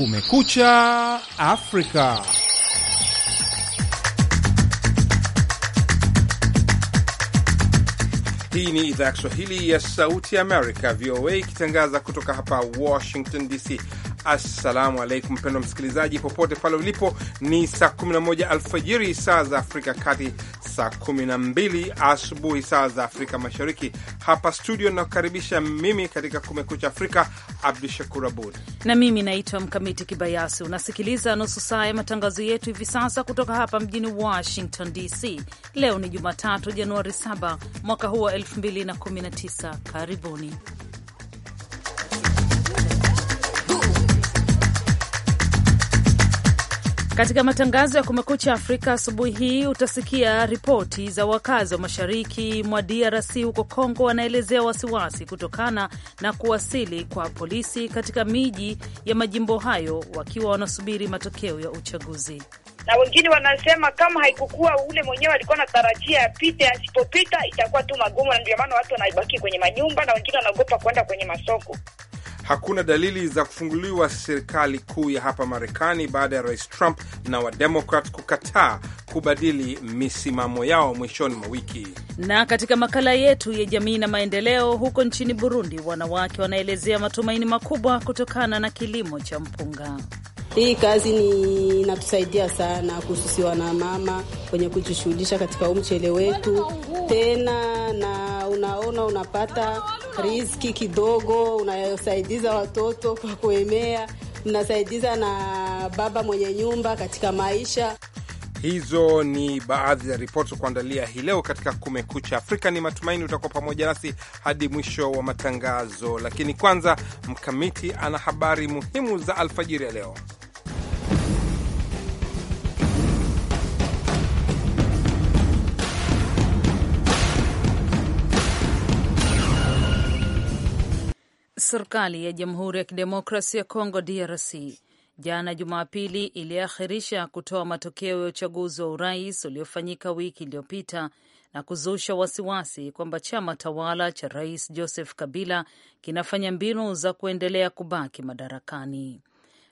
Kumekucha Afrika. Hii ni idhaa ya Kiswahili ya Sauti Amerika, VOA, ikitangaza kutoka hapa Washington DC. Assalamu alaikum mpendwa msikilizaji, popote pale ulipo. Ni saa 11 alfajiri saa za Afrika kati saa 12 asubuhi saa za Afrika Mashariki. Hapa studio nakukaribisha mimi katika Kumekucha Afrika, Abdu Shakur Abud na mimi naitwa Mkamiti Kibayasi. Unasikiliza nusu saa ya matangazo yetu hivi sasa kutoka hapa mjini Washington DC. Leo ni Jumatatu, Januari 7 mwaka huu wa 2019. Karibuni. Katika matangazo ya Kumekucha Afrika asubuhi hii utasikia ripoti za wakazi wa mashariki mwa DRC huko Kongo wanaelezea wasiwasi kutokana na kuwasili kwa polisi katika miji ya majimbo hayo wakiwa wanasubiri matokeo ya uchaguzi na wengine wanasema kama haikukuwa ule mwenyewe alikuwa na tarajia apite, asipopita itakuwa tu magumu, na ndio maana watu wanabaki kwenye manyumba, na wengine wanaogopa kwenda kwenye masoko hakuna dalili za kufunguliwa serikali kuu ya hapa Marekani baada ya Rais Trump na Wademokrat kukataa kubadili misimamo yao mwishoni mwa wiki. Na katika makala yetu ya jamii na maendeleo, huko nchini Burundi, wanawake wanaelezea matumaini makubwa kutokana na kilimo cha mpunga. Hii kazi ni inatusaidia sana na mama kwenye kujishughulisha katika huu mchele wetu, tena na unaona unapata riziki kidogo, unayosaidiza watoto kwa kuemea, mnasaidiza na baba mwenye nyumba katika maisha. Hizo ni baadhi ya ripoti za kuandalia hii leo katika Kumekucha Afrika. Ni matumaini utakuwa pamoja nasi hadi mwisho wa matangazo, lakini kwanza Mkamiti ana habari muhimu za alfajiri ya leo. Serikali ya Jamhuri ya Kidemokrasi ya Kongo DRC jana Jumapili iliakhirisha kutoa matokeo ya uchaguzi wa urais uliofanyika wiki iliyopita na kuzusha wasiwasi kwamba chama tawala cha Rais Joseph Kabila kinafanya mbinu za kuendelea kubaki madarakani.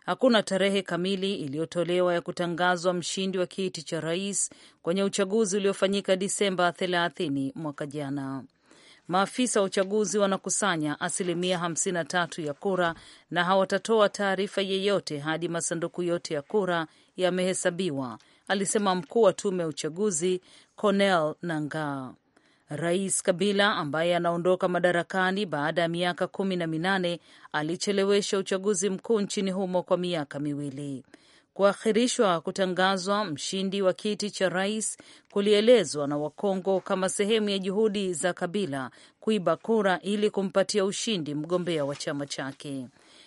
Hakuna tarehe kamili iliyotolewa ya kutangazwa mshindi wa kiti cha rais kwenye uchaguzi uliofanyika Disemba 30 mwaka jana. Maafisa wa uchaguzi wanakusanya asilimia 53 ya kura na hawatatoa taarifa yeyote hadi masanduku yote ya kura yamehesabiwa, alisema mkuu wa tume ya uchaguzi Cornel Nangaa. Rais Kabila ambaye anaondoka madarakani baada ya miaka kumi na minane alichelewesha uchaguzi mkuu nchini humo kwa miaka miwili. Kuahirishwa kutangazwa mshindi wa kiti cha rais kulielezwa na Wakongo kama sehemu ya juhudi za Kabila kuiba kura ili kumpatia ushindi mgombea wa chama chake.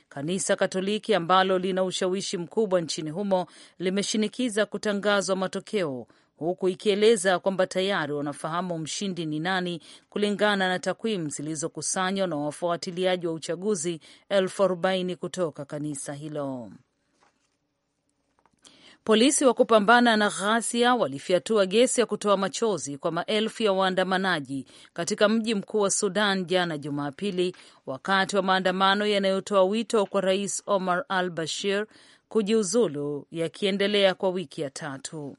Kanisa Katoliki ambalo lina ushawishi mkubwa nchini humo limeshinikiza kutangazwa matokeo huku ikieleza kwamba tayari wanafahamu mshindi ni nani kulingana na takwimu zilizokusanywa na wafuatiliaji wa uchaguzi elfu arobaini kutoka kanisa hilo. Polisi wa kupambana na ghasia walifyatua gesi ya kutoa machozi kwa maelfu ya waandamanaji katika mji mkuu wa Sudan jana Jumapili, wakati wa maandamano yanayotoa wito kwa Rais Omar al Bashir kujiuzulu yakiendelea kwa wiki ya tatu.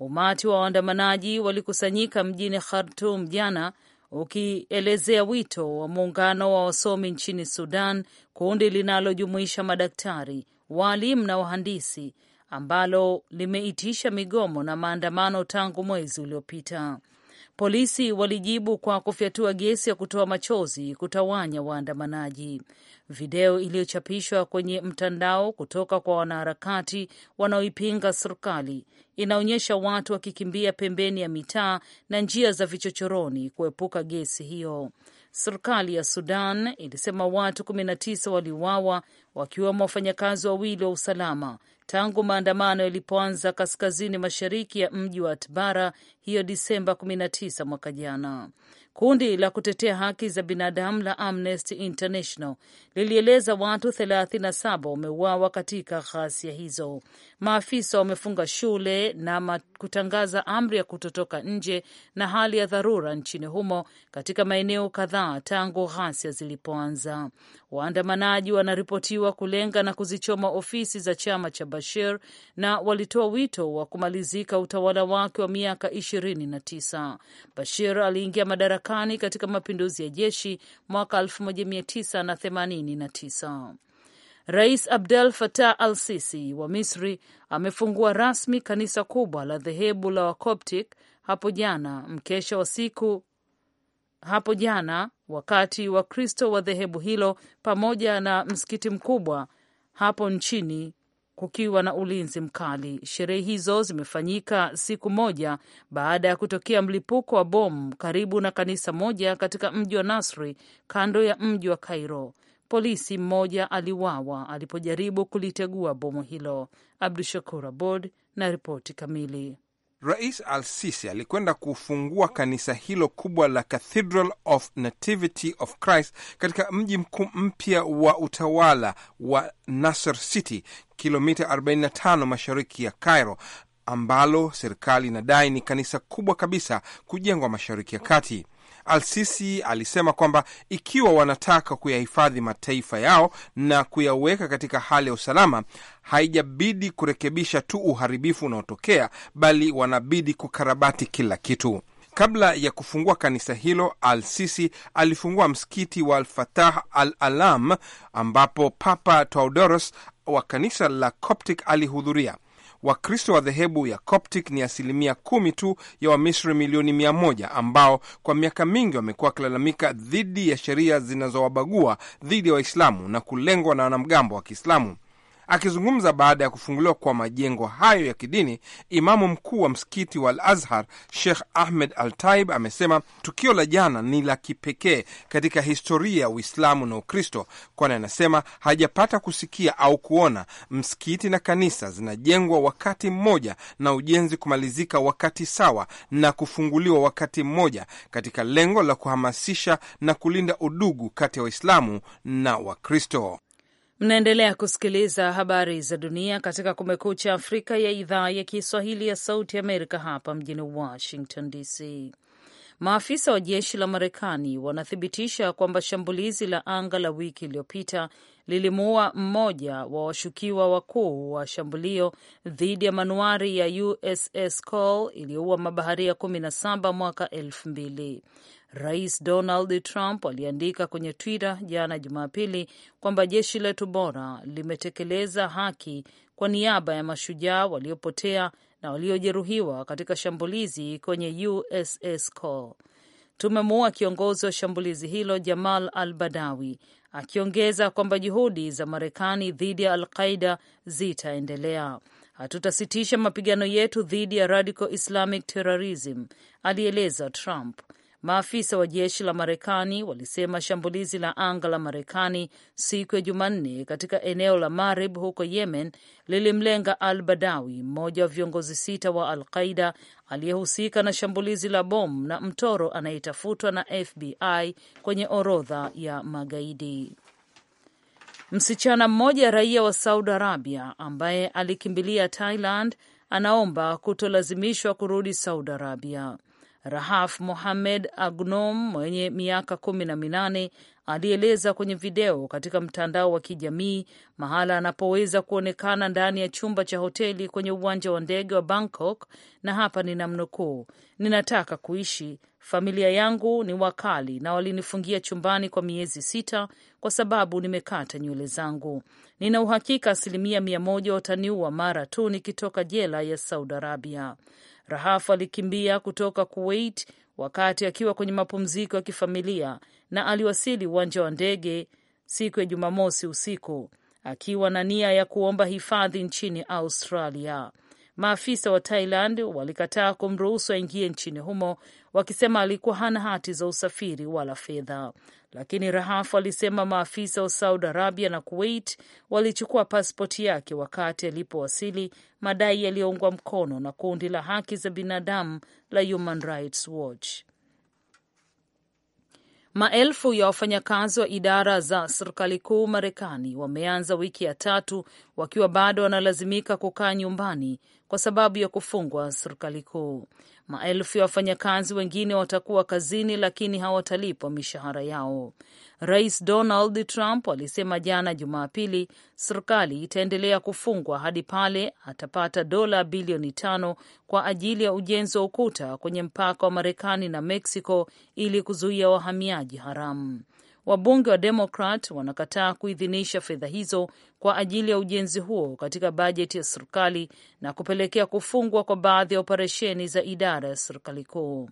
Umati wa waandamanaji walikusanyika mjini Khartum jana ukielezea wito wa muungano wa wasomi nchini Sudan, kundi linalojumuisha madaktari, waalimu na wahandisi ambalo limeitisha migomo na maandamano tangu mwezi uliopita. Polisi walijibu kwa kufyatua gesi ya kutoa machozi kutawanya waandamanaji. Video iliyochapishwa kwenye mtandao kutoka kwa wanaharakati wanaoipinga serikali inaonyesha watu wakikimbia pembeni ya mitaa na njia za vichochoroni kuepuka gesi hiyo. Serikali ya Sudan ilisema watu 19 waliuawa wakiwemo wafanyakazi wawili wa usalama tangu maandamano yalipoanza kaskazini mashariki ya mji wa Atbara hiyo Disemba 19 mwaka jana. Kundi la kutetea haki za binadamu la Amnesty International lilieleza watu 37 wameuawa katika ghasia hizo. Maafisa wamefunga shule na kutangaza amri ya kutotoka nje na hali ya dharura nchini humo katika maeneo kadhaa tangu ghasia zilipoanza. Waandamanaji wanaripotiwa walidaiwa kulenga na kuzichoma ofisi za chama cha Bashir na walitoa wito wa kumalizika utawala wake wa miaka ishirini na tisa. Bashir aliingia madarakani katika mapinduzi ya jeshi mwaka 1989. Rais Abdel Fattah al Sisi wa Misri amefungua rasmi kanisa kubwa la dhehebu la Wakoptic hapo jana, mkesha wa siku hapo jana wakati Wakristo wa dhehebu hilo pamoja na msikiti mkubwa hapo nchini kukiwa na ulinzi mkali. Sherehe hizo zimefanyika siku moja baada ya kutokea mlipuko wa bomu karibu na kanisa moja katika mji wa Nasri kando ya mji wa Cairo. Polisi mmoja aliwawa alipojaribu kulitegua bomu hilo. Abdu Shakur Abod na ripoti kamili. Rais Al-Sisi alikwenda kufungua kanisa hilo kubwa la Cathedral of Nativity of Christ katika mji mkuu mpya wa utawala wa Nasser City, kilomita 45 mashariki ya Cairo, ambalo serikali inadai ni kanisa kubwa kabisa kujengwa Mashariki ya Kati. Al-Sisi alisema kwamba ikiwa wanataka kuyahifadhi mataifa yao na kuyaweka katika hali ya usalama, haijabidi kurekebisha tu uharibifu unaotokea, bali wanabidi kukarabati kila kitu. Kabla ya kufungua kanisa hilo, Al-Sisi alifungua msikiti wa alfatah Al-Alam ambapo Papa Taudoros wa kanisa la Coptic alihudhuria. Wakristo wa dhehebu ya Coptic ni asilimia kumi tu ya Wamisri milioni mia moja ambao kwa miaka mingi wamekuwa wakilalamika dhidi ya sheria zinazowabagua dhidi ya wa Waislamu na kulengwa na wanamgambo wa Kiislamu. Akizungumza baada ya kufunguliwa kwa majengo hayo ya kidini, imamu mkuu wa msikiti wa Al Azhar Sheikh Ahmed Al Taib amesema tukio la jana ni la kipekee katika historia ya Uislamu na Ukristo, kwani anasema hajapata kusikia au kuona msikiti na kanisa zinajengwa wakati mmoja na ujenzi kumalizika wakati sawa na kufunguliwa wakati mmoja, katika lengo la kuhamasisha na kulinda udugu kati ya Waislamu na Wakristo. Mnaendelea kusikiliza habari za dunia katika Kumekucha Afrika ya idhaa ya Kiswahili ya Sauti Amerika, hapa mjini Washington DC. Maafisa wa jeshi la Marekani wanathibitisha kwamba shambulizi la anga la wiki iliyopita lilimuua mmoja wa washukiwa wakuu wa shambulio dhidi ya manuari ya USS Cole iliyoua mabaharia 17 mwaka elfu mbili. Rais Donald Trump aliandika kwenye Twitter jana Jumapili kwamba jeshi letu bora limetekeleza haki kwa niaba ya mashujaa waliopotea na waliojeruhiwa katika shambulizi kwenye USS Cole. Tumemuua kiongozi wa shambulizi hilo Jamal al Badawi, akiongeza kwamba juhudi za Marekani dhidi ya alqaida zitaendelea. Hatutasitisha mapigano yetu dhidi ya radical islamic terrorism, alieleza Trump. Maafisa wa jeshi la Marekani walisema shambulizi la anga la Marekani siku ya Jumanne katika eneo la Marib huko Yemen lilimlenga Al Badawi, mmoja wa viongozi sita wa Al Qaida aliyehusika na shambulizi la bomu na mtoro anayetafutwa na FBI kwenye orodha ya magaidi. Msichana mmoja raia wa Saudi Arabia ambaye alikimbilia Thailand anaomba kutolazimishwa kurudi Saudi Arabia. Rahaf Mohamed Agnom mwenye miaka kumi na minane alieleza kwenye video katika mtandao wa kijamii mahala anapoweza kuonekana ndani ya chumba cha hoteli kwenye uwanja wa ndege wa Bangkok, na hapa ninamnukuu: ninataka kuishi, familia yangu ni wakali na walinifungia chumbani kwa miezi sita kwa sababu nimekata nywele zangu. Nina uhakika asilimia mia moja wataniua mara tu nikitoka jela ya Saudi Arabia. Rahaf alikimbia kutoka Kuwait wakati akiwa kwenye mapumziko ya kifamilia na aliwasili uwanja wa ndege siku ya Jumamosi usiku akiwa na nia ya kuomba hifadhi nchini Australia. Maafisa wa Thailand walikataa kumruhusu aingie nchini humo wakisema alikuwa hana hati za usafiri wala fedha. Lakini Rahafu alisema maafisa wa Saudi Arabia na Kuwait walichukua paspoti yake wakati alipowasili, madai yaliyoungwa mkono na kundi la haki za binadamu la Human Rights Watch. Maelfu ya wafanyakazi wa idara za serikali kuu Marekani wameanza wiki ya tatu wakiwa bado wanalazimika kukaa nyumbani kwa sababu ya kufungwa serikali kuu. Maelfu ya wafanyakazi wengine watakuwa kazini, lakini hawatalipwa mishahara yao. Rais Donald Trump alisema jana Jumapili serikali itaendelea kufungwa hadi pale atapata dola bilioni tano kwa ajili ya ujenzi wa ukuta kwenye mpaka wa Marekani na Meksiko ili kuzuia wahamiaji haramu. Wabunge wa Demokrat wanakataa kuidhinisha fedha hizo kwa ajili ya ujenzi huo katika bajeti ya serikali na kupelekea kufungwa kwa baadhi ya operesheni za idara ya serikali kuu.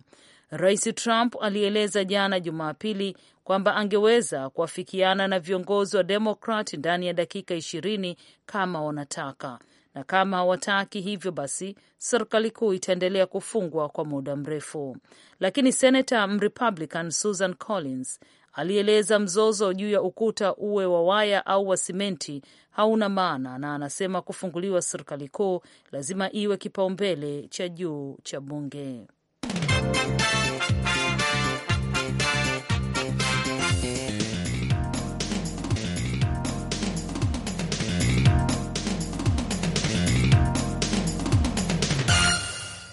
Rais Trump alieleza jana Jumapili kwamba angeweza kuafikiana na viongozi wa Demokrat ndani ya dakika ishirini kama wanataka, na kama hawataki hivyo basi serikali kuu itaendelea kufungwa kwa muda mrefu. Lakini senata Mrepublican Susan Collins alieleza mzozo juu ya ukuta uwe wa waya au wa simenti hauna maana, na anasema kufunguliwa serikali kuu lazima iwe kipaumbele cha juu cha bunge.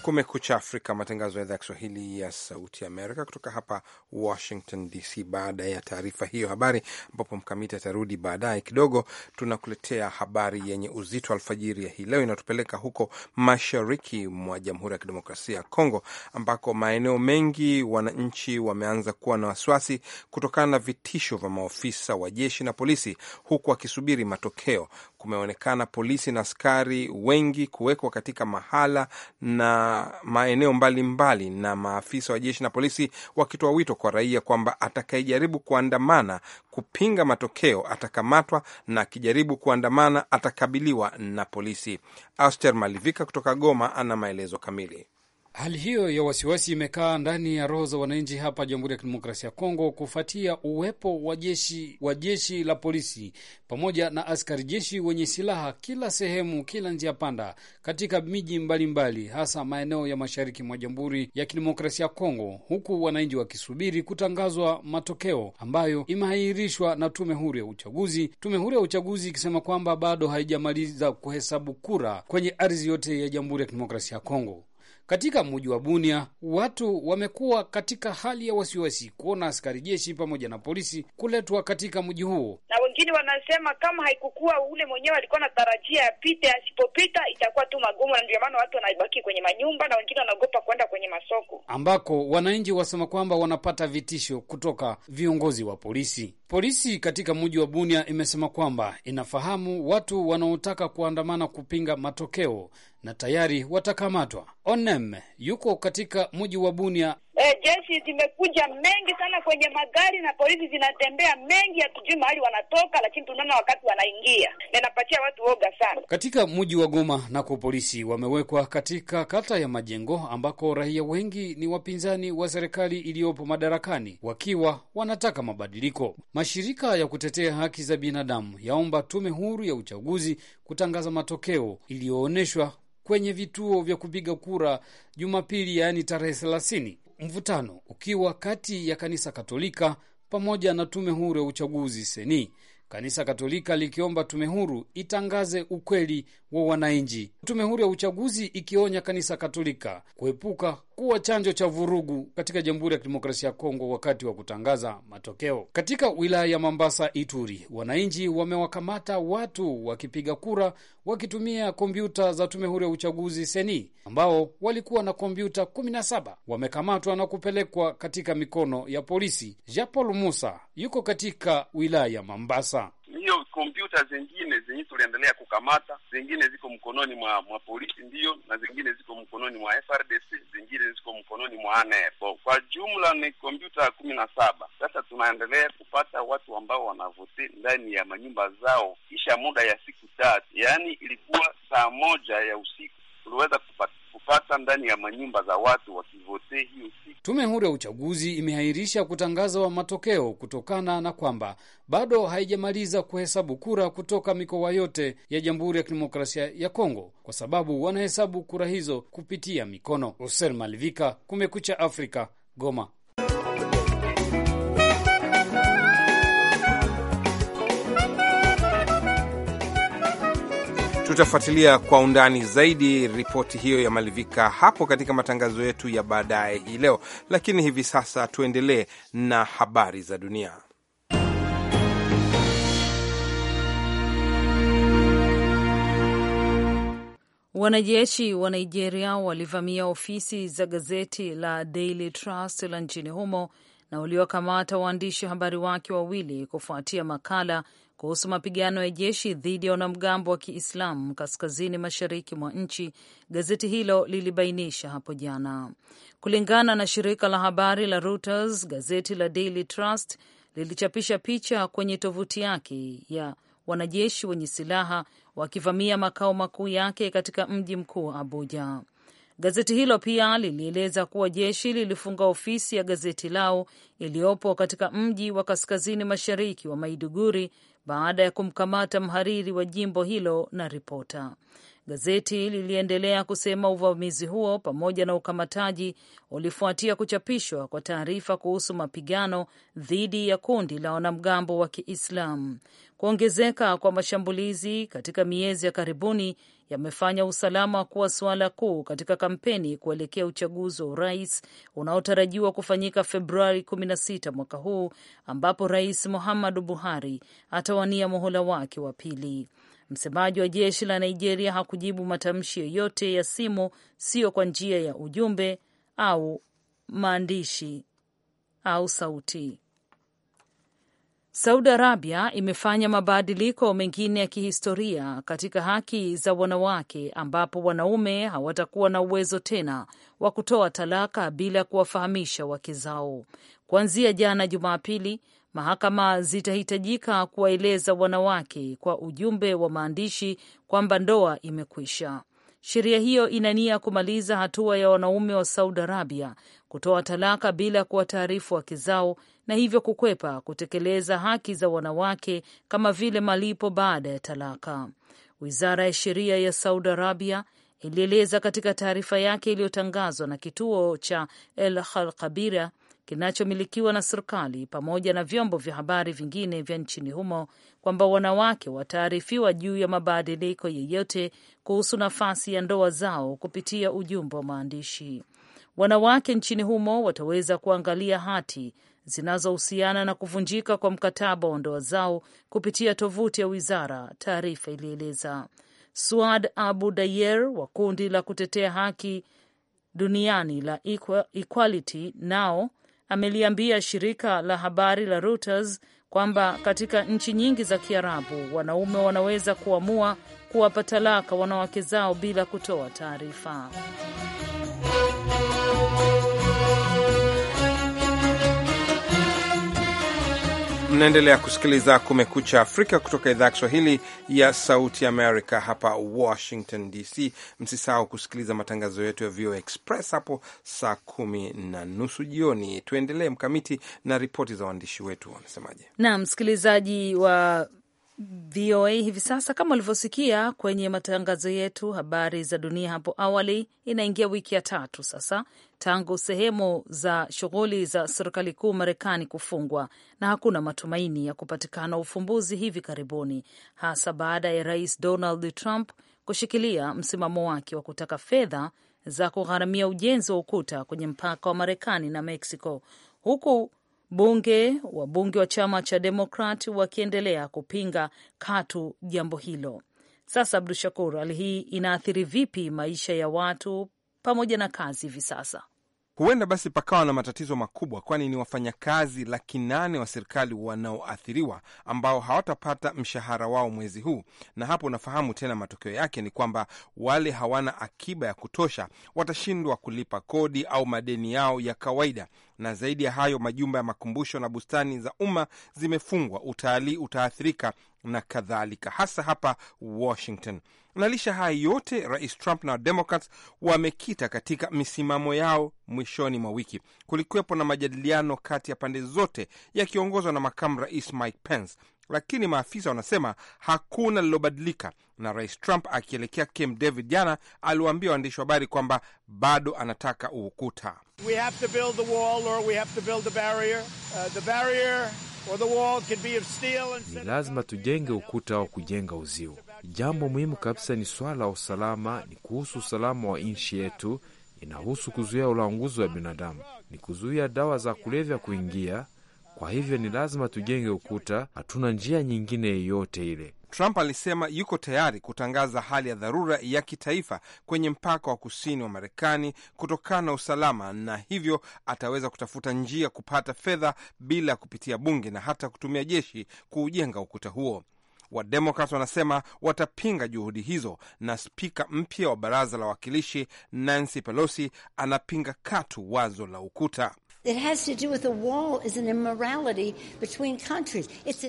Kumekucha Afrika, matangazo ya idhaa ya Kiswahili ya Sauti ya Amerika kutoka hapa Washington DC. Baada ya taarifa hiyo habari, ambapo Mkamiti atarudi baadaye kidogo, tunakuletea habari yenye uzito alfajiri ya hii leo. Inatupeleka huko mashariki mwa Jamhuri ya Kidemokrasia ya Kongo, ambako maeneo mengi wananchi wameanza kuwa na wasiwasi kutokana na vitisho vya maofisa wa jeshi na polisi, huku wakisubiri matokeo kumeonekana polisi na askari wengi kuwekwa katika mahala na maeneo mbalimbali mbali, na maafisa wa jeshi na polisi wakitoa wito kwa raia kwamba atakayejaribu kuandamana kupinga matokeo atakamatwa na akijaribu kuandamana atakabiliwa na polisi. aster Malivika kutoka Goma ana maelezo kamili. Hali hiyo ya wasiwasi imekaa ndani ya roho za wananchi hapa Jamhuri ya Kidemokrasia ya Kongo kufuatia uwepo wa jeshi wa jeshi la polisi pamoja na askari jeshi wenye silaha kila sehemu, kila njia panda katika miji mbalimbali, hasa maeneo ya mashariki mwa Jamhuri ya Kidemokrasia ya Kongo, huku wananchi wakisubiri kutangazwa matokeo ambayo imeahirishwa na tume huru ya uchaguzi, tume huru ya uchaguzi ikisema kwamba bado haijamaliza kuhesabu kura kwenye ardhi yote ya Jamhuri ya Kidemokrasia ya Kongo. Katika muji wa Bunia watu wamekuwa katika hali ya wasiwasi kuona askari jeshi pamoja na polisi kuletwa katika mji huo, na wengine wanasema kama haikukuwa ule mwenyewe alikuwa anatarajia apite, asipopita itakuwa tu magumu, na ndio maana watu wanabaki kwenye manyumba na wengine wanaogopa kwenda kwenye masoko, ambako wananchi wasema kwamba wanapata vitisho kutoka viongozi wa polisi. Polisi katika mji wa Bunia imesema kwamba inafahamu watu wanaotaka kuandamana kupinga matokeo na tayari watakamatwa. Onem yuko katika mji wa Bunia. E, jeshi zimekuja mengi sana kwenye magari na polisi zinatembea mengi, hatujui mahali wanatoka, lakini tunaona wakati wanaingia na inapatia watu woga sana. Katika mji wa Goma nako polisi wamewekwa katika kata ya Majengo ambako raia wengi ni wapinzani wa serikali iliyopo madarakani wakiwa wanataka mabadiliko. Mashirika ya kutetea haki za binadamu yaomba tume huru ya uchaguzi kutangaza matokeo iliyoonyeshwa kwenye vituo vya kupiga kura Jumapili, yaani tarehe thelathini, mvutano ukiwa kati ya kanisa Katolika pamoja na tume huru ya uchaguzi seni Kanisa Katolika likiomba tume huru itangaze ukweli wa wananchi, tume huru ya uchaguzi ikionya kanisa Katolika kuepuka kuwa chanzo cha vurugu katika Jamhuri ya Kidemokrasia ya Kongo wakati wa kutangaza matokeo. Katika wilaya ya Mambasa, Ituri, wananchi wamewakamata watu wakipiga kura wakitumia kompyuta za tume huru ya uchaguzi seni, ambao walikuwa na kompyuta kumi na saba wamekamatwa na kupelekwa katika mikono ya polisi. Jean Paul Musa yuko katika wilaya ya Mambasa. Hiyo kompyuta zingine zenye tuliendelea kukamata, zingine ziko mkononi mwa, mwa polisi ndiyo, na zingine ziko mkononi mwa FRDC miongoni mwane ANEP. Kwa jumla ni kompyuta kumi na saba. Sasa tunaendelea kupata watu ambao wanavuti ndani ya manyumba zao kisha muda ya siku tatu, yaani ilikuwa saa moja ya usiku tuliweza kupata kufata ndani ya manyumba za watu wakivote hiyo siku. Tume huru ya uchaguzi imehairisha kutangaza matokeo kutokana na kwamba bado haijamaliza kuhesabu kura kutoka mikoa yote ya Jamhuri ya Kidemokrasia ya Kongo, kwa sababu wanahesabu kura hizo kupitia mikono. Hoser Malivika, Kumekucha Afrika, Goma. Tutafuatilia kwa undani zaidi ripoti hiyo ya Malivika hapo katika matangazo yetu ya baadaye hii leo, lakini hivi sasa tuendelee na habari za dunia. Wanajeshi wa Nigeria walivamia ofisi za gazeti la Daily Trust la nchini humo na waliwakamata waandishi habari wake wawili kufuatia makala kuhusu mapigano ya jeshi dhidi ya wanamgambo wa Kiislamu kaskazini mashariki mwa nchi, gazeti hilo lilibainisha hapo jana. Kulingana na shirika la habari la Reuters, gazeti la Daily Trust lilichapisha picha kwenye tovuti yake ya wanajeshi wenye silaha wakivamia makao makuu yake katika mji mkuu Abuja. Gazeti hilo pia lilieleza kuwa jeshi lilifunga ofisi ya gazeti lao iliyopo katika mji wa kaskazini mashariki wa Maiduguri baada ya kumkamata mhariri wa jimbo hilo na ripota. Gazeti liliendelea kusema uvamizi huo pamoja na ukamataji ulifuatia kuchapishwa kwa taarifa kuhusu mapigano dhidi ya kundi la wanamgambo wa Kiislamu. Kuongezeka kwa mashambulizi katika miezi ya karibuni yamefanya usalama kuwa suala kuu katika kampeni kuelekea uchaguzi wa urais unaotarajiwa kufanyika Februari 16 mwaka huu, ambapo Rais Muhammadu Buhari atawania muhula wake wa pili. Msemaji wa jeshi la Nigeria hakujibu matamshi yoyote ya simu, sio kwa njia ya ujumbe au maandishi au sauti. Saudi Arabia imefanya mabadiliko mengine ya kihistoria katika haki za wanawake ambapo wanaume hawatakuwa na uwezo tena wa kutoa talaka bila kuwafahamisha wake zao. Kuanzia jana Jumapili, Mahakama zitahitajika kuwaeleza wanawake kwa ujumbe wa maandishi kwamba ndoa imekwisha. Sheria hiyo ina nia kumaliza hatua ya wanaume wa Saudi Arabia kutoa talaka bila kuwataarifu wake zao na hivyo kukwepa kutekeleza haki za wanawake kama vile malipo baada ya talaka. Wizara ya Sheria ya Saudi Arabia ilieleza katika taarifa yake iliyotangazwa na kituo cha El Halkabira kinachomilikiwa na serikali pamoja na vyombo vya habari vingine vya nchini humo kwamba wanawake wataarifiwa juu ya mabadiliko yeyote kuhusu nafasi ya ndoa zao kupitia ujumbe wa maandishi. Wanawake nchini humo wataweza kuangalia hati zinazohusiana na kuvunjika kwa mkataba wa ndoa zao kupitia tovuti ya wizara, taarifa ilieleza. Suad Abu Dayer wa kundi la kutetea haki duniani la Equality nao ameliambia shirika la habari la Reuters kwamba katika nchi nyingi za Kiarabu wanaume wanaweza kuamua kuwapa talaka wanawake zao bila kutoa taarifa. Mnaendelea kusikiliza Kumekucha Afrika kutoka idhaa ya Kiswahili ya Sauti Amerika hapa Washington DC. Msisahau kusikiliza matangazo yetu ya VOA Express hapo saa kumi na nusu jioni. Tuendelee mkamiti na ripoti za waandishi wetu wanasemaje. Naam, msikilizaji wa VOA hivi sasa, kama ulivyosikia kwenye matangazo yetu habari za dunia hapo awali, inaingia wiki ya tatu sasa tangu sehemu za shughuli za serikali kuu Marekani kufungwa na hakuna matumaini ya kupatikana ufumbuzi hivi karibuni, hasa baada ya Rais Donald Trump kushikilia msimamo wake wa kutaka fedha za kugharamia ujenzi wa ukuta kwenye mpaka wa Marekani na Mexico, huku bunge wabunge wa chama cha Demokrat wakiendelea kupinga katu jambo hilo. Sasa Abdu Shakur, hali hii inaathiri vipi maisha ya watu pamoja na kazi hivi sasa? Huenda basi pakawa na matatizo makubwa, kwani ni wafanyakazi laki nane wa serikali wanaoathiriwa ambao hawatapata mshahara wao mwezi huu, na hapo unafahamu tena, matokeo yake ni kwamba wale hawana akiba ya kutosha watashindwa kulipa kodi au madeni yao ya kawaida. Na zaidi ya hayo, majumba ya makumbusho na bustani za umma zimefungwa, utalii utaathirika na kadhalika, hasa hapa Washington na licha haya yote, Rais Trump na Wademokrats wamekita katika misimamo yao. Mwishoni mwa wiki kulikuwepo na majadiliano kati ya pande zote yakiongozwa na makamu rais Mike Pence, lakini maafisa wanasema hakuna lilobadilika, na Rais Trump akielekea Camp David jana aliwaambia waandishi wa habari kwamba bado anataka uukuta uh, Ni lazima tujenge ukuta wa kujenga uzio. Jambo muhimu kabisa ni swala la usalama, ni kuhusu usalama wa nchi yetu, inahusu kuzuia ulanguzi wa binadamu, ni kuzuia dawa za kulevya kuingia. Kwa hivyo ni lazima tujenge ukuta, hatuna njia nyingine yeyote ile. Trump alisema yuko tayari kutangaza hali ya dharura ya kitaifa kwenye mpaka wa kusini wa Marekani kutokana na usalama, na hivyo ataweza kutafuta njia kupata fedha bila kupitia bunge na hata kutumia jeshi kuujenga ukuta huo. Wademokrat wanasema watapinga juhudi hizo, na spika mpya wa baraza la wawakilishi Nancy Pelosi anapinga katu wazo la ukuta.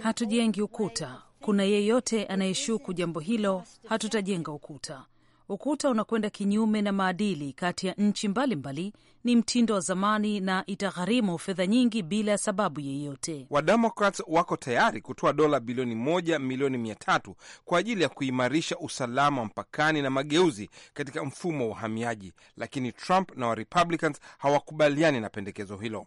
Hatujengi ukuta. Kuna yeyote anayeshuku jambo hilo, hatutajenga ukuta. Ukuta unakwenda kinyume na maadili kati ya nchi mbalimbali, ni mtindo wa zamani na itagharimu fedha nyingi bila ya sababu yeyote. Wademokrat wako tayari kutoa dola bilioni moja milioni mia tatu kwa ajili ya kuimarisha usalama wa mpakani na mageuzi katika mfumo wa uhamiaji, lakini Trump na Warepublicans hawakubaliani na pendekezo hilo.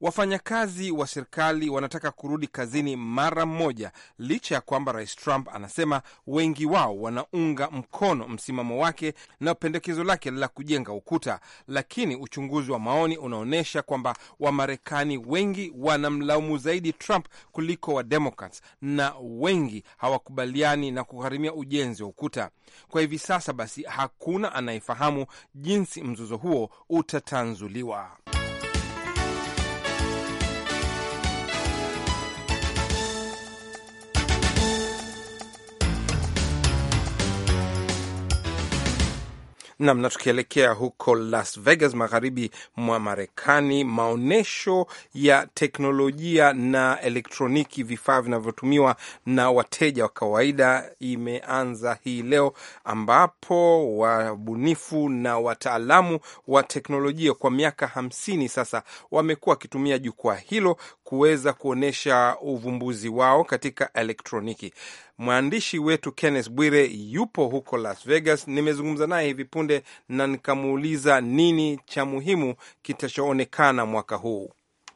Wafanyakazi wa serikali wanataka kurudi kazini mara moja, licha ya kwamba Rais Trump anasema wengi wao wanaunga mkono msimamo wake na pendekezo lake la kujenga ukuta, lakini uchunguzi wa maoni unaonyesha kwamba Wamarekani wengi wanamlaumu zaidi Trump kuliko Wademokrats, na wengi hawakubaliani na kugharimia ujenzi wa ukuta. Kwa hivi sasa basi, hakuna anayefahamu jinsi mzozo huo utatanzuliwa. Nam na tukielekea huko Las Vegas, magharibi mwa Marekani, maonyesho ya teknolojia na elektroniki, vifaa vinavyotumiwa na wateja wa kawaida imeanza hii leo, ambapo wabunifu na wataalamu wa teknolojia kwa miaka hamsini sasa wamekuwa wakitumia jukwaa hilo kuweza kuonyesha uvumbuzi wao katika elektroniki. Mwandishi wetu Kenneth Bwire yupo huko Las Vegas. Nimezungumza naye hivi punde na nikamuuliza nini cha muhimu kitachoonekana mwaka huu.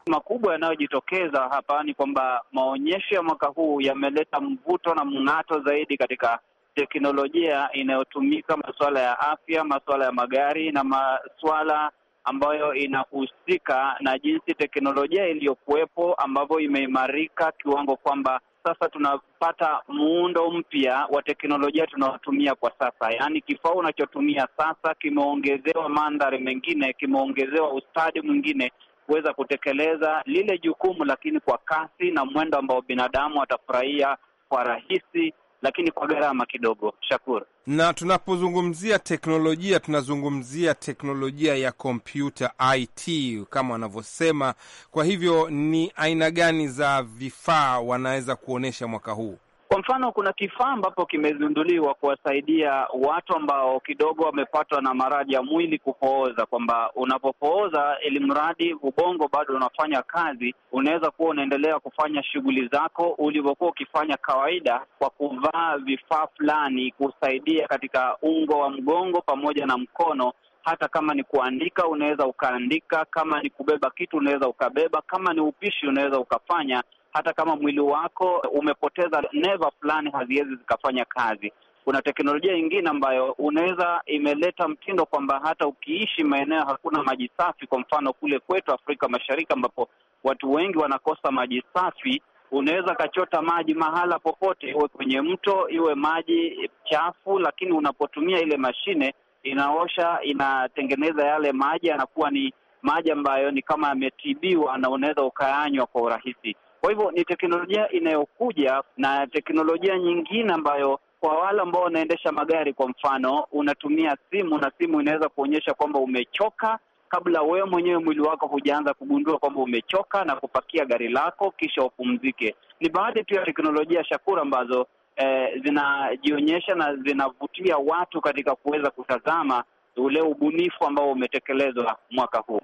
Makubwa yanayojitokeza hapa ni kwamba maonyesho ya mwaka huu yameleta mvuto na mng'ato zaidi katika teknolojia inayotumika, masuala ya afya, masuala ya magari na masuala ambayo inahusika na jinsi teknolojia iliyokuwepo ambavyo imeimarika kiwango kwamba sasa tunapata muundo mpya wa teknolojia tunaotumia kwa sasa, yaani kifaa unachotumia sasa kimeongezewa mandhari mengine, kimeongezewa ustadi mwingine kuweza kutekeleza lile jukumu, lakini kwa kasi na mwendo ambao binadamu atafurahia kwa rahisi lakini kwa gharama kidogo. shakur Na tunapozungumzia teknolojia tunazungumzia teknolojia ya kompyuta IT kama wanavyosema. Kwa hivyo ni aina gani za vifaa wanaweza kuonyesha mwaka huu? mfano, kuna kifaa ambapo kimezunduliwa kuwasaidia watu ambao kidogo wamepatwa na maradhi ya mwili kupooza, kwamba unapopooza, ili mradi ubongo bado unafanya kazi, unaweza kuwa unaendelea kufanya shughuli zako ulivyokuwa ukifanya kawaida, kwa kuvaa vifaa fulani kusaidia katika ungo wa mgongo pamoja na mkono hata kama ni kuandika unaweza ukaandika, kama ni kubeba kitu unaweza ukabeba, kama ni upishi unaweza ukafanya, hata kama mwili wako umepoteza neva fulani, haziwezi zikafanya kazi. Kuna teknolojia ingine ambayo unaweza imeleta mtindo kwamba hata ukiishi maeneo hakuna maji safi, kwa mfano kule kwetu Afrika Mashariki ambapo watu wengi wanakosa maji safi, unaweza kachota maji mahala popote, iwe kwenye mto, iwe maji chafu, lakini unapotumia ile mashine inaosha, inatengeneza yale maji, anakuwa ni maji ambayo ni kama yametibiwa na unaweza ukayanywa kwa urahisi. Kwa hivyo ni teknolojia inayokuja na teknolojia nyingine ambayo kwa wale ambao wanaendesha magari, kwa mfano, unatumia simu na simu inaweza kuonyesha kwamba umechoka kabla wewe mwenyewe mwili wako hujaanza kugundua kwamba umechoka na kupakia gari lako kisha upumzike. Ni baadhi tu ya teknolojia shakura ambazo eh, zinajionyesha na zinavutia watu katika kuweza kutazama ule ubunifu ambao umetekelezwa mwaka huu.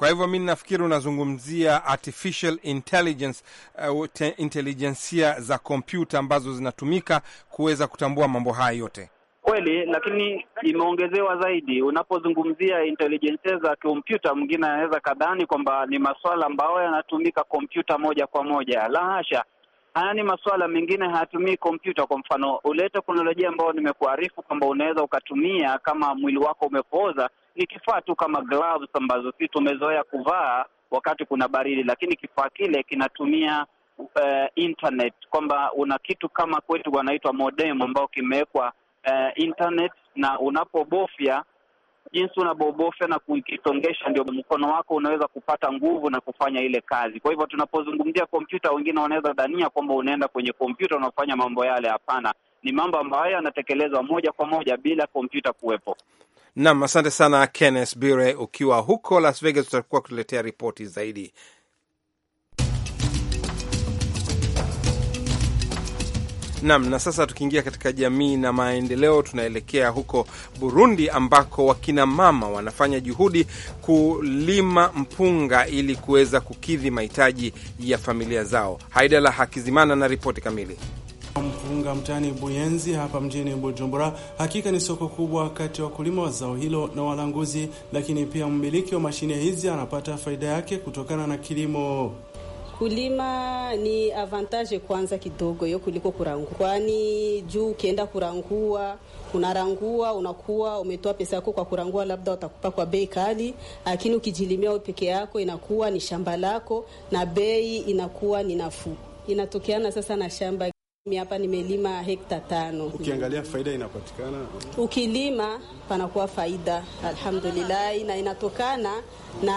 Kwa hivyo mi nafikiri unazungumzia artificial intelligence, uh, intelijensia za kompyuta ambazo zinatumika kuweza kutambua mambo haya yote kweli, lakini imeongezewa zaidi. Unapozungumzia intelijensia za kompyuta, mwingine anaweza kadhani kwamba ni maswala ambayo yanatumika kompyuta moja kwa moja. La hasha, haya ni maswala mengine hayatumii kompyuta. Kwa mfano, ule teknolojia ambayo nimekuarifu kwamba unaweza ukatumia kama mwili wako umepooza ni kifaa tu kama gloves ambazo si tumezoea kuvaa wakati kuna baridi, lakini kifaa kile kinatumia uh, internet kwamba una kitu kama kwetu wanaitwa modem ambao kimewekwa uh, internet, na unapobofya jinsi unabobofya na kukitongesha, ndio mkono wako unaweza kupata nguvu na kufanya ile kazi. Kwa hivyo tunapozungumzia kompyuta, wengine wanaweza dhania kwamba unaenda kwenye kompyuta unafanya mambo yale. Hapana, ni mambo ambayo yanatekelezwa moja kwa moja bila kompyuta kuwepo. Nam, asante sana Kenneth Bure, ukiwa huko Las Vegas utakuwa kutuletea ripoti zaidi. Nam, na sasa tukiingia katika jamii na maendeleo, tunaelekea huko Burundi ambako wakinamama wanafanya juhudi kulima mpunga ili kuweza kukidhi mahitaji ya familia zao. Haidala Hakizimana na ripoti kamili. Mfunga mtaani Buyenzi hapa mjini Bujumbura, hakika ni soko kubwa kati ya wakulima wa zao hilo na walanguzi, lakini pia mmiliki wa mashine hizi anapata faida yake kutokana na kilimo. Kulima ni avantage kwanza kidogo hiyo kuliko kurangua, kwani juu ukienda kurangua, unarangua unakuwa umetoa pesa yako kwa kurangua, labda watakupa kwa bei kali, lakini ukijilimia peke yako inakuwa ni shamba lako na bei inakuwa ni nafuu, inatokeana sasa na shamba mimi hapa nimelima hekta tano. Ukiangalia faida inapatikana, ukilima panakuwa faida alhamdulillah, na inatokana na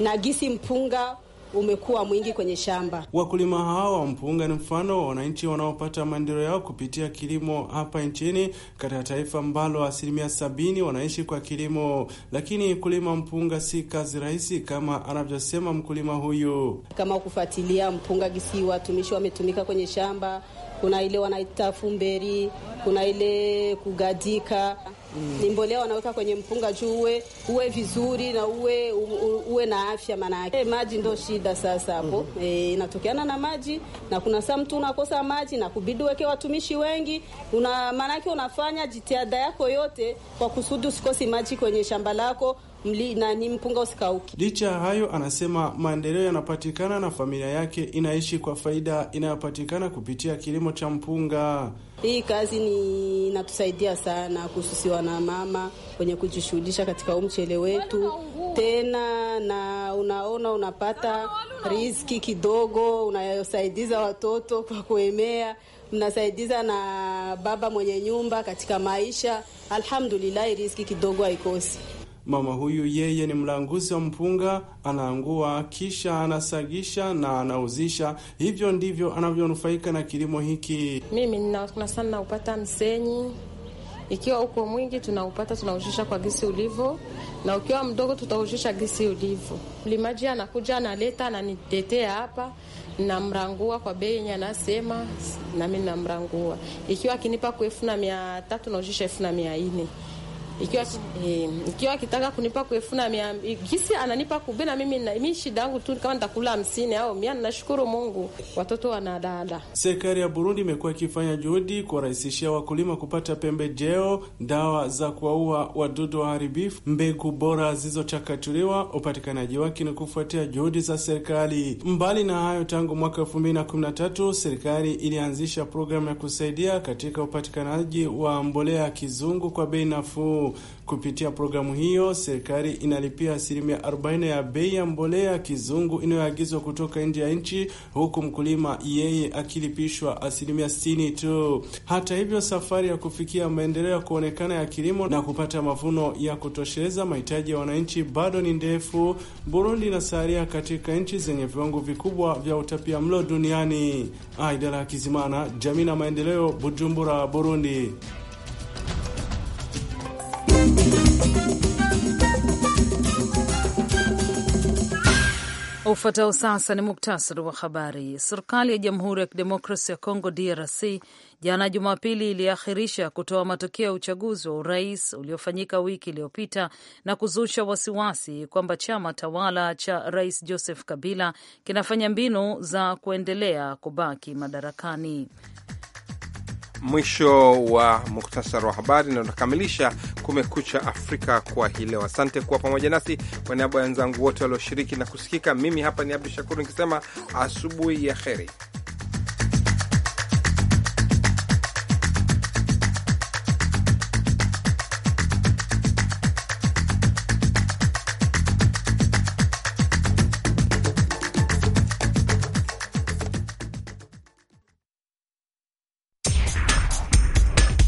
na gisi mpunga umekuwa mwingi kwenye shamba. Wakulima hawa wa mpunga ni mfano wa wananchi wanaopata maendeleo yao kupitia kilimo hapa nchini, katika taifa ambalo asilimia sabini wanaishi kwa kilimo. Lakini kulima mpunga si kazi rahisi kama anavyosema mkulima huyu. Kama kufuatilia mpunga gisi watumishi wametumika kwenye shamba, kuna ile wanaita fumberi, kuna ile kugadika mm. Ni mbolea wanaweka kwenye mpunga juu uwe uwe vizuri na uwe uwe na afya, manake hey, eh, maji ndo shida sasa hapo mm. E, inatokeana na maji, na kuna saa mtu unakosa maji na kubidi uweke watumishi wengi, una maanake unafanya jitihada yako yote kwa kusudi usikosi maji kwenye shamba lako mli, nani mpunga usikauki. Licha ya hayo, anasema maendeleo yanapatikana na familia yake inaishi kwa faida inayopatikana kupitia kilimo cha mpunga. Hii kazi ni inatusaidia sana kuhususiwa na mama kwenye kujishughulisha katika huu mchele wetu, tena na unaona unapata riziki kidogo unayosaidiza watoto kwa kuemea mnasaidiza na baba mwenye nyumba katika maisha. Alhamdulillahi, riziki kidogo haikosi. Mama huyu yeye ni mlanguzi wa mpunga, anaangua kisha anasagisha na anauzisha. Hivyo ndivyo anavyonufaika na kilimo hiki. Mimi nina sana naupata msenyi, ikiwa uko mwingi tunaupata tunaushisha kwa gisi ulivo, na ukiwa mdogo tutaushisha gisi ulivo. Mlimaji anakuja analeta, ananitetea hapa namrangua kwa bei yenye anasema, nami namrangua. Ikiwa akinipa kwa elfu na mia tatu naushisha elfu na mia nne ikiwa eh, ikiwa akitaka kunipa kwa na mia kisi ananipa kube, na mimi na mimi shida yangu tu kama nitakula hamsini au mia. Nashukuru Mungu, watoto wana dada. Serikali ya Burundi imekuwa ikifanya juhudi kurahisishia wakulima kupata pembejeo, dawa za kuwaua wadudu waharibifu, mbegu bora zilizochakachuliwa. Upatikanaji wake ni kufuatia juhudi za serikali. Mbali na hayo, tangu mwaka 2013 serikali ilianzisha programu ya kusaidia katika upatikanaji wa mbolea ya kizungu kwa bei nafuu. Kupitia programu hiyo, serikali inalipia asilimia 40 ya bei ya mbolea kizungu inayoagizwa kutoka nje ya nchi, huku mkulima yeye akilipishwa asilimia 60 tu. Hata hivyo, safari ya kufikia maendeleo ya kuonekana ya kilimo na kupata mavuno ya kutosheleza mahitaji ya wananchi bado ni ndefu. Burundi inasalia katika nchi zenye viwango vikubwa vya utapia mlo duniani. Aidala Kizimana, jamii na maendeleo, Bujumbura, Burundi. Ufuatao sasa ni muktasari wa habari. Serikali ya Jamhuri ya Kidemokrasi ya Kongo, DRC, jana Jumapili iliakhirisha kutoa matokeo ya uchaguzi wa urais uliofanyika wiki iliyopita na kuzusha wasiwasi kwamba chama tawala cha Rais Joseph Kabila kinafanya mbinu za kuendelea kubaki madarakani. Mwisho wa muktasari wa habari, na unakamilisha Kumekucha Afrika kwa hii leo. Asante kuwa pamoja nasi. Kwa niaba ya wenzangu wote walioshiriki na kusikika, mimi hapa ni Abdu Shakuru nikisema asubuhi ya kheri.